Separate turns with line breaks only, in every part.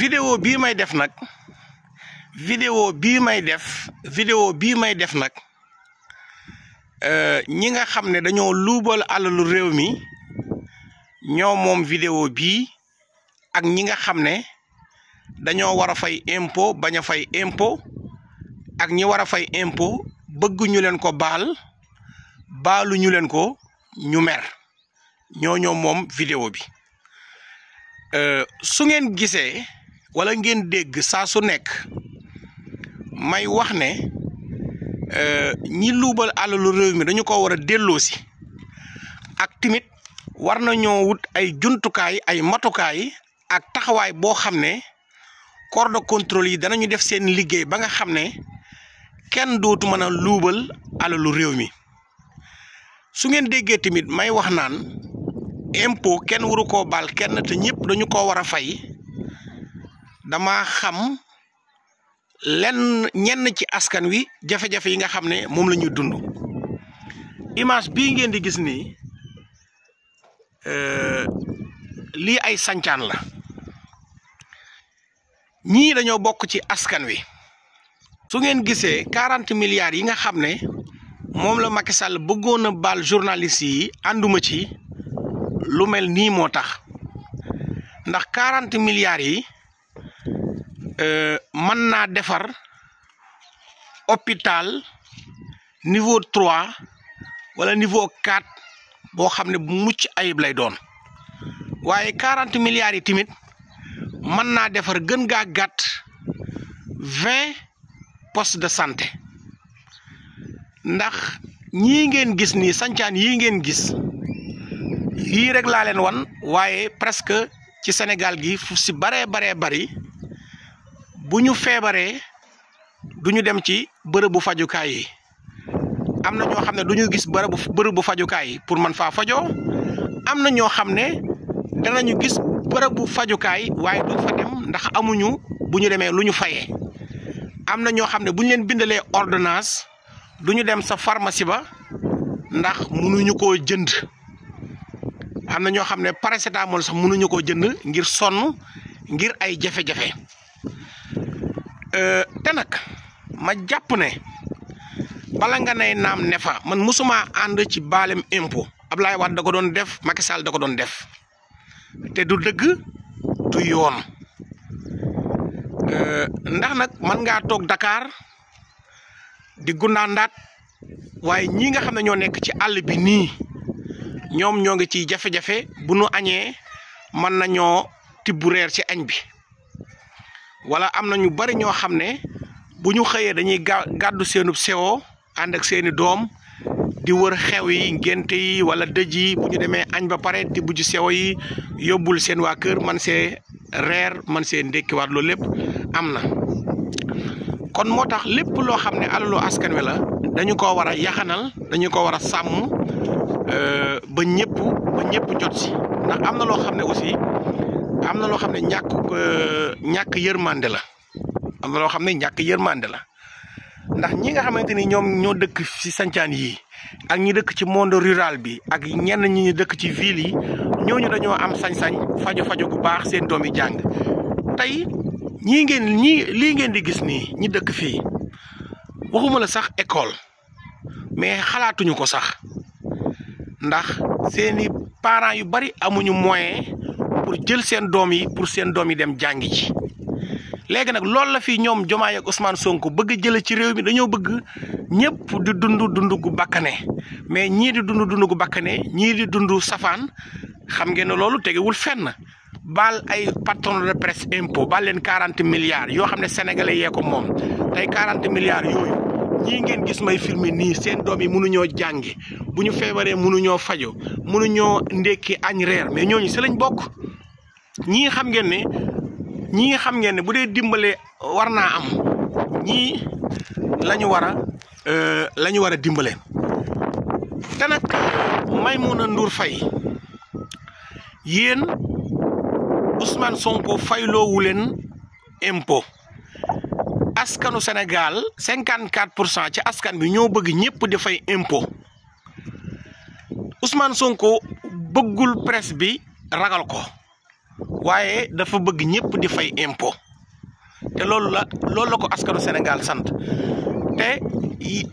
vidéo bii may def nag vidéo bii may def vidéo bii may def nag euh, ñi nga xam ne dañoo luubal alalu réew mi ñoo moom vidéo bii ak ñi nga xam ne dañoo war a fay impo bañ a fay impo ak ñi war a fay impo bëgguñu leen ko baal baaluñu leen ko ñu mer ñoo ñoo moom vidéo bi euh, su ngeen gisee wala ngeen dégg saa su nekk may wax ne euh, ñi luubal alalu réew mi dañu ko war a delloo si ak timit war nañoo wut ay jumtukaay ay matukaay ak taxawaay boo xam ne corps de contrôle yi danañu def seen liggéey ba nga xam ne kenn dootu mën a luubal alalu réew mi su ngeen déggee tamit may wax naan impôt kenn waru koo baal kenn te ñëpp dañu ko war a fay dama xam lenn ñenn ci askan wi jafe-jafe yi nga xam ne moom la ñuy dund image bii ngeen di gis nii euh, lii ay sancaan la ñii dañoo bokk ci askan wi su ngeen gisee quarante milliards yi nga xam ne moom la Macky bëggoon a baal journaliste yi ànduma ci lu mel nii moo tax ndax quarante milliards yi Euh, mën naa defar hôpital niveau trois wala niveau quatre boo xam ne bu mucc ayib lay doon waaye quarante milliards yi tamit mën naa defar gën gaa gàtt vingt postes de santé ndax ñii ngeen gis nii sancaan yi ngeen gis yii rek laa wan waaye presque ci senegal gi fu si baree baree bari bu ñu feebaree du ñu dem ci bërëbu fajukaay yi am na ñoo xam ne du ñu gis bërëbu bërëbu fajukaay yi pour man faa fajoo am na ñoo xam ne danañu gis bërëbu fajukaay waaye duñ fa dem ndax amuñu bu ñu demee lu ñu fayee am na ñoo xam ne bu ñu leen bindalee ordonnance du ñu dem sa pharmacie ba ndax mënuñu koo jënd am na ñoo xam ne paracétamol sax mënuñu ko jënd ngir sonn ngir ay jafe-jafe. wante nag ma jàpp ne bala nga nay naam ne man mësuma ànd ci baalem impo ab Wade da ko doon def Macky Sall da ko doon def te du dëgg du yoon euh, ndax nag man ngaa toog dakaar di gundaandaat waaye ñii nga xam ne ñoo nekk ci àll bi nii ñoom ñoo ngi ci jafe-jafe bu nu añee mën nañoo tibb reer ci añ bi wala am na ñu bari ñoo xam ne bu ñu xëyee dañuy ga gàddu seenub sewo ànd ak seeni doom di wër xew yi ngénte yi wala dëj yi bu ñu demee añ ba pare di bujj sewo yi yóbbul seen waa kër man see reer man see ndékkiwaat loolu lépp am na kon moo tax lépp loo xam ne alalu askan wi la dañu ko war a yaxanal dañu ko war a sàmm euh, ba ñëpp ba ñëpp jot si ndax am na loo xam ne aussi am na loo xam ne ñàkk euh, ñàkk yërmande la am na loo xam ne ñàkk yërmande la ndax ñi nga xamante ni ñoom ñoo dëkk ci sancaan yi ak ñi dëkk ci monde rural bi ak ñenn ñi ñu dëkk ci ville yi ñooñu dañoo am sañ-sañ faju faju bu baax seen doom yi jàng tey ñii ngeen ñii lii ngeen di gis nii ñi dëkk fii waxuma la sax école mais xalaatuñu ko sax ndax seeni parents yu bari amuñu moyen pour jël seen doom yi pour seen doom yi dem jàngi yi léegi nag loolu la fi ñoom Jomaay ak Ousmane Sonko bëgg a ci réew mi dañoo bëgg ñëpp di dund dund gu bakkane mais ñii di dund dund gu bakkane ñii di dund safaan xam ngeen ne loolu tegewul fenn baal ay patron de presse impôt baal leen quarante milliards yoo xam ne sénégalais yee ko moom tey quarante milliards yooyu ñii ngeen gis may filmer nii seen doom yi mënuñoo jàngi bu ñu feebaree mënuñoo fajo mënuñoo ndékki añ reer mais ñooñu si lañ bokk ñii xam ngeen ne. ñii xam ngeen ne bu dee dimbalee war naa am ñii lañu ñu war a euh, la ñu war a dimbale te nag Maimouna Ndour Faye yéen Ousmane Sonko fayloowu leen impo askanu Sénégal cinquante quatre pour cent ci askan bi ñoo bëgg ñëpp di fay impo Ousmane Sonko bëggul presse bi ragal ko waaye dafa bëgg ñëpp di fay impôt te loolu la loolu la ko askanu senegal sant te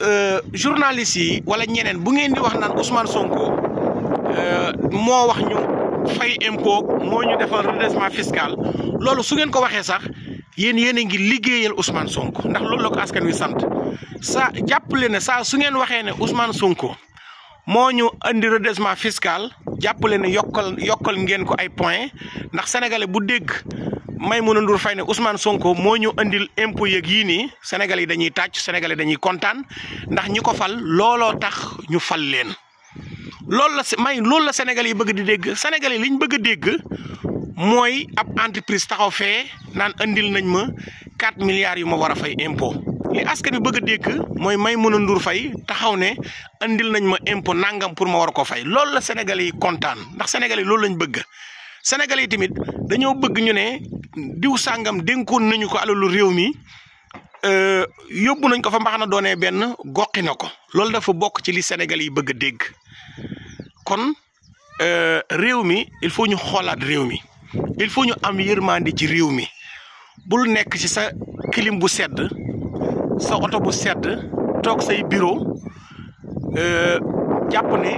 euh, journaliste yi wala ñeneen bu ngeen di wax naan Ousmane Sonko euh, moo wax ñu fay impôt moo ñu defal redressement fiscal loolu su ngeen ko waxee sax yéen yéen a ngi liggéeyal Ousmane Sonko ndax loolu la ko askan wi sant saa jàppale ne saa su ngeen waxee ne Ousmane Sonko moo ñu andi redressement fiscal. jàppale ne yokkal yokkal ngeen ko ay point ndax sénégalais bu dégg may Maimouna Ndour fay ne Ousmane Sonko moo ñu indil impôt yeeg yii nii sénégalais yi dañuy tàcc sénégalais dañuy kontaan ndax ñi ko fal looloo tax ñu fal leen. loolu la may loolu la sénégalais yi bëgg di dégg sénégalais liñ bëgg a dégg mooy ab entreprise taxaw fee naan indil nañ ma 4 milliards yu ma war a fay impôt. li askan wi bëgg a dégg mooy may Maimouna Ndour fay taxaw ne andil nañ ma impôt nangam pour ma war a ko fay loolu la Sénégalais yi kontaan ndax Sénégalais yi loolu lañ bëgg Sénégalais yi tamit dañoo bëgg ñu ne diw sàngam dénkoon nañu ko alalu réew mi euh, yóbbu nañ ko fa mbax na doonee benn goqi na ko loolu dafa bokk ci li senegal yi bëgg a dégg kon euh, réew mi il faut ñu xoolaat réew mi il faut ñu am yërmande ci réew mi bul nekk ci sa kilim bu sedd. sa oto bu sedd toog say bureau euh, jàpp ne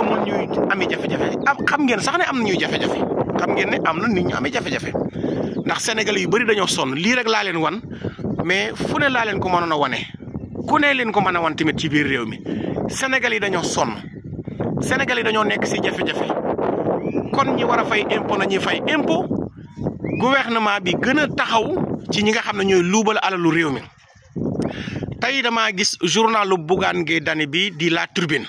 amul ñuy amee jafe-jafe xam ngeen sax ne am na ñuy jafe-jafe xam ngeen am na nit ñu amee jafe ndax sénégalais yu bari dañoo sonn lii rek laa leen wan mais fu ne laa leen ko mënoon a wane ku ne leen ko mën a wan tamit ci biir réew mi sénégalais yi dañoo sonn sénégalais dañoo nekk si jafe-jafe kon ñi war a fay impôt na ñuy fay impôt gouvernement bi gën a taxaw ci ñi nga xam ne ñooy luubal alalu réew mi tey dama gis journalu Bougane Gueye Dany bi di La Tribune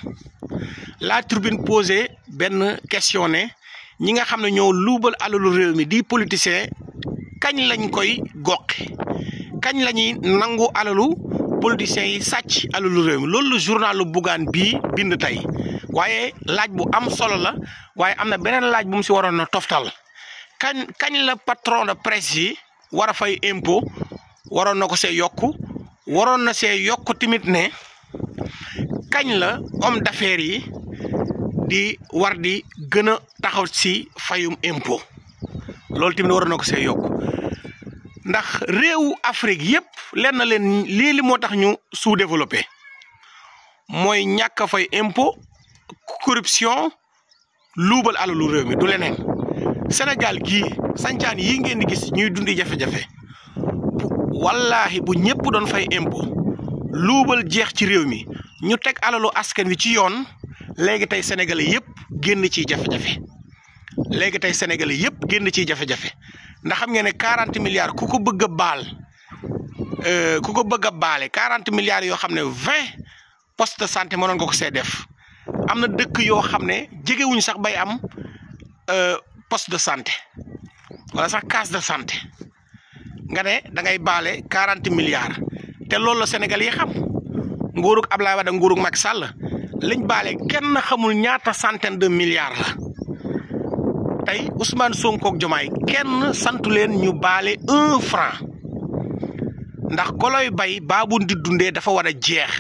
La Tribune posé benn question ñi nga xam ne ñoo luubal alalu réew mi di politicien kañ lañ koy goqi kañ la ñuy nangu alalu politiciens yi sàcc alalu réew mi loolu la journalu Bougane bii bind tey waaye laaj bu am solo la waaye am na beneen laaj bu mu ci waroon na toftal kañ kañ la patron de presse yi war a fay impo waroon na ko see yokku waroon na see yokk tamit ne kañ la homme d'affaires yi di war di gën a taxaw ci fayum impo loolu tamit waroon na ko see yokk ndax réewu Afrique yépp lenn leen lii li moo tax ñu sous-développé mooy ñàkk fay impo corruption luubal alalu réew mi du leneen Sénégal gii sancaan yi ngeen gis ñuy dundi jafe-jafe wallaahi bu ñépp doon fay impo luubal jeex ci réew mi ñu teg alalu askan wi ci yoon léegi tey sénégalais yépp génn ciy jafe-jafe léegi tey sénégalais yépp génn ciy jafe-jafe xam ngeen ne quarante milliards ku ko bëgg a baal euh, ku ko bëgg a baale quarante milliards yoo xam ne vingt poste de santé mënoon nga ko see def am na dëkk yoo xam ne jegewuñu sax bay am euh, poste de santé wala sax case de santé nga ne da ngay baale quarante milliards te loolu la Sénégal yi xam nguurug Ablaye Wade nguurug Macky Sall liñ baale kenn xamul ñaata centaine de milliards la tey Ousmane Sonko ak Jomaay kenn santu leen ñu baale un franc ndax goloy bay baabu di dundee dafa war a jeex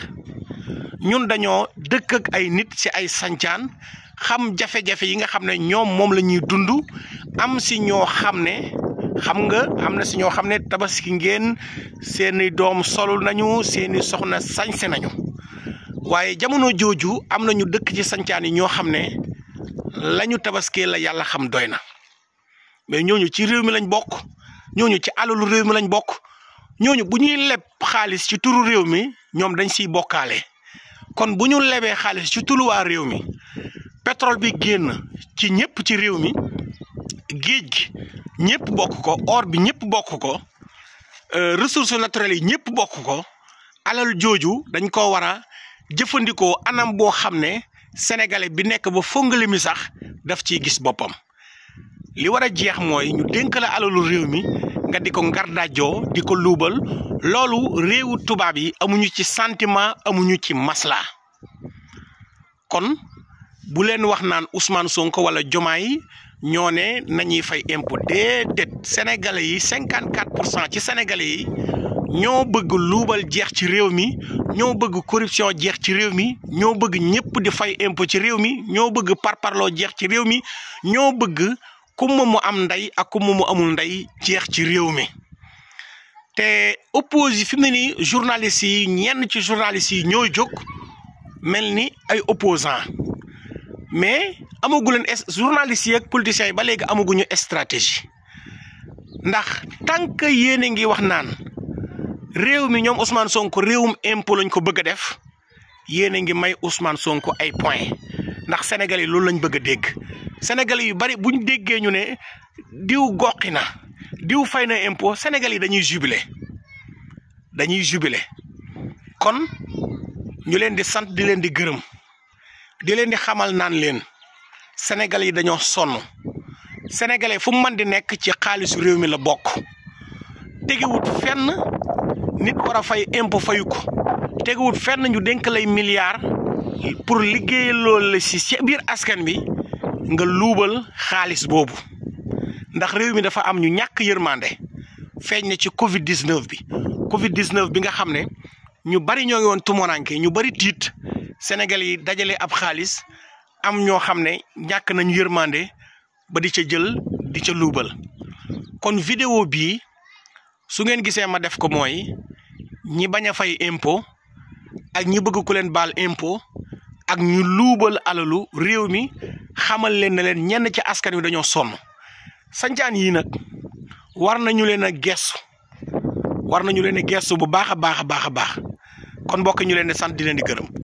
ñun dañoo dëkk ay nit ci ay sancaan xam jafe-jafe yi nga xam ne ñoom moom la ñuy dund am si ñoo xam ne. xam nga am na si ñoo xam ne tabaski ngeen seeni doom solul nañu seeni soxna sañse nañu waaye jamono jooju am na ñu dëkk ci sancaan yi ñoo xam ne lañu tabaskee la yàlla xam doy na mais ñooñu ci réew mi lañ bokk ñooñu ci alalu réew mi lañ bokk ñooñu bu ñuy leb xaalis ci turu réew mi ñoom dañ siy bokkaale kon bu ñu lebee xaalis ci tuluwaa réew mi pétrole bi génn ci ñëpp ci réew mi géej gi ñëpp bokk ko or bi ñëpp bokk ko euh, ressource naturelles yi ñëpp bokk ko alal jooju dañ ko war a jëfandikoo anam boo xam ne sénégalais bi nekk ba fongale mi sax daf ciy gis boppam li war a jeex mooy ñu dénk alalu réew mi nga di ko ngardaajoo di ko luubal loolu réewu tubaab yi amuñu ci sentiment amuñu ci masla kon bu leen wax naan usmaan Sonko wala jomaa yi ñoo ne nañuy fay impôt déedéet sénégalais yi cinquante quatre cent ci sénégalais yi ñoo bëgg luubal jeex ci réew mi ñoo bëgg corruption jeex ci réew mi ñoo bëgg ñëpp di fay impôt ci réew mi ñoo bëgg parparloo jeex ci réew mi ñoo bëgg kumma mu am ndey ak kumma mu amul ndey jeex ci réew mi te oppose fi mu ne nii yi ñenn ci journalistes yi ñoo jóg mel ni ay opposants mais amagu leen journaliste yi ak politiciens yi ba léegi amaguñu stratégie ndax tant que yéen a ngi wax naan réew mi ñoom Ousmane Sonko réewum impôt lañ ko bëgg a def yéen a ngi may Ousmane Sonko ay point ndax Sénégal yi loolu lañ bëgg a dégg Sénégal yu bari buñ déggee ñu ne diw goqi na diw fay na impôt Sénégal yi dañuy jubilé dañuy jubilé kon ñu leen di sant di leen di gërëm. di leen di xamal naan leen senegal yi dañoo sonn sénégalais fu man di nekk ci xaalisu réew mi la bokk tegewut fenn nit war fay impôt fayu ko tegewut fenn ñu dénk lay milliards pour liggéey loolu la si ci biir askan bi nga luubal xaalis boobu ndax réew mi dafa am ñu ñàkk yërmande feeñ na ci Covid bi Covid bi nga xam ne ñu bari ñoo ngi woon tumuranke ñu bari tiit. Sénégal yi dajale ab xaalis am ñoo xam ne ñàkk nañu yërmande ba di ca jël di ca luubal kon vidéo bii su ngeen gisee ma def ko mooy ñi bañ a fay impo ak ñi bëgg ku leen baal impo ak ñu luubal alalu réew mi xamal leen ne leen ñenn ci askan wi dañoo sonn sancaan yii nag war nañu leen a gestu war nañu leen a gestu bu baax a baax a baax baax kon mbokk ñu leen sant di leen di gërëm